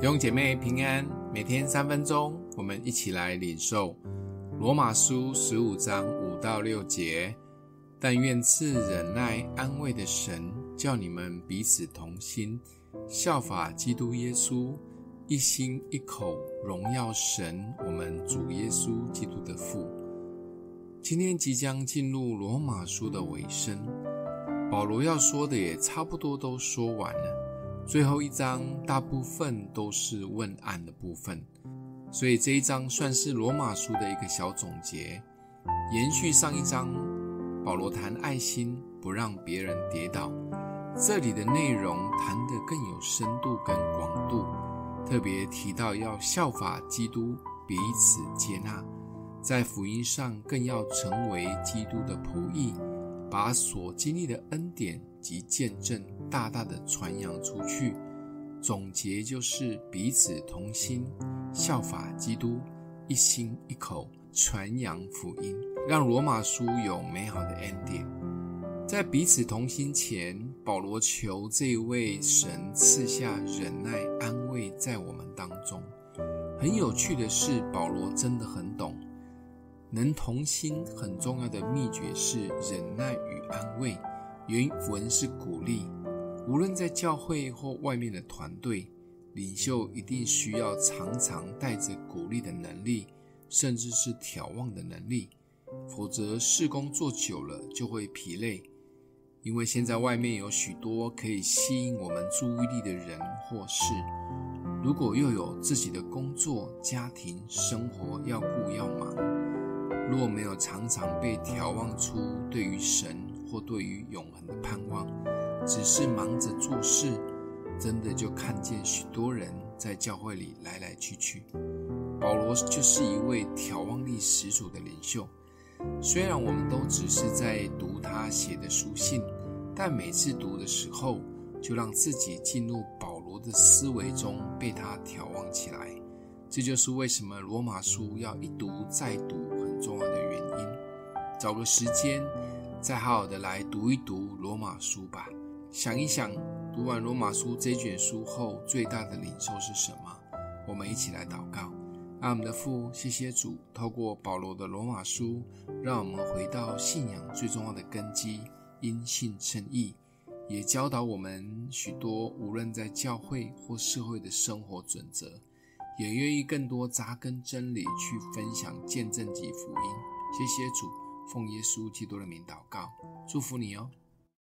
弟兄姐妹平安，每天三分鐘，我們一起來領受羅馬書十五章五到六節。但願賜忍耐、安慰的神，叫你們彼此同心，效法基督耶穌，一心一口榮耀神。我們主耶穌基督的父。今天即將進入羅馬書的尾聲，保羅要說的也差不多都說完了。最後一章大部分都是問安的部分，所以這一章算是羅馬書的一個小總結。延續上一章，保羅談愛心，不讓別人跌倒。這裡的內容談得更有深度跟廣度，特別提到要效法基督，彼此接納，在福音上更要成為基督的僕役。把所經歷的恩典及見證大大的傳揚出去。總結就是彼此同心，效法基督，一心一口傳揚福音，讓羅馬書有美好的 Ending。在彼此同心前，保羅求這一位神賜下忍耐安慰在我們當中。很有趣的是，保羅真的很懂。能同心很重要的秘訣是忍耐與安慰。原文是鼓勵。無論在教會或外面的團隊，領袖一定需要常常帶着鼓勵的能力，甚至是挑旺的能力，否則事工做久了就會疲累。因為現在外面有許多可以吸引我們注意力的人或事，如果又有自己的工作、家庭生活要鼓勵。若沒有常常被挑旺出對於神或對於永恆的盼望，只是忙着做事，真的就看見許多人在教會裡來來去去。保羅就是一位挑旺力十足的領袖。雖然我們都只是在讀他寫的書信，但每次讀的時候，就讓自己進入保羅的思維中，被他挑旺起來。這就是為什麼《羅馬書》要一讀再讀，重要的原因，找個時間再好好的來讀一讀《羅馬書》吧。想一想，讀完《羅馬書》這一卷書後，最大的領受是什麼？我們一起來禱告。愛我們的父，謝謝主，透過保羅的《羅馬書》，讓我們回到信仰最重要的根基——因信稱義，也教導我們許多無論在教會或社會的生活準則。也願意更多扎根真理去分享見證及福音，謝謝主，奉耶穌基督的名禱告，祝福你哦。